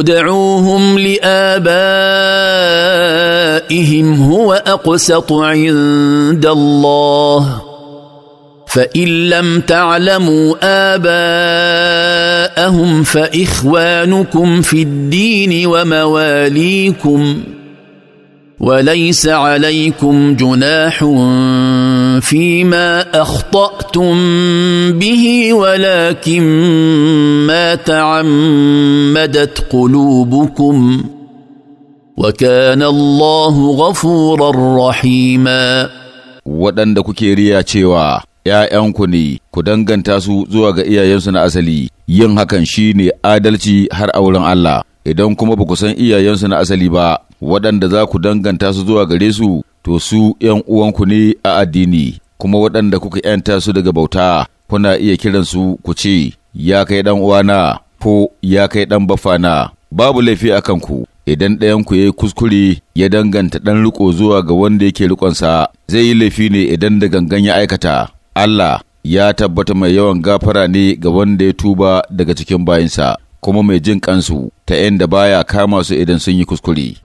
ادعوهم لابائهم هو اقسط عند الله فان لم تعلموا اباءهم فاخوانكم في الدين ومواليكم وليس عليكم جناح فيما اخطاتم به ولكن ما تعمدت قلوبكم وكان الله غفورا رحيما waɗanda kuke riya cewa ‘ya'yanku ne ku danganta su zuwa ga iyayensu na asali yin hakan shi ne adalci har a wurin Allah idan kuma ba ku san iyayensu na asali ba waɗanda za ku danganta su zuwa gare su, to su ’yan uwanku ne a addini, kuma waɗanda kuka ‘yanta su daga bauta, kuna iya kiransu ku ce, Ya kai ɗan uwana, ko ya kai ɗan bafana, babu laifi a kanku. Idan ɗayanku ya yi kuskure ya danganta ɗan riko zuwa ga wanda yake riƙonsa, zai yi laifi ne idan da gangan ya aikata. Allah ya tabbata mai yawan gafara ne ga wanda ya tuba daga cikin bayansa kuma mai jin kansu ta inda baya kama su idan sun yi kuskure.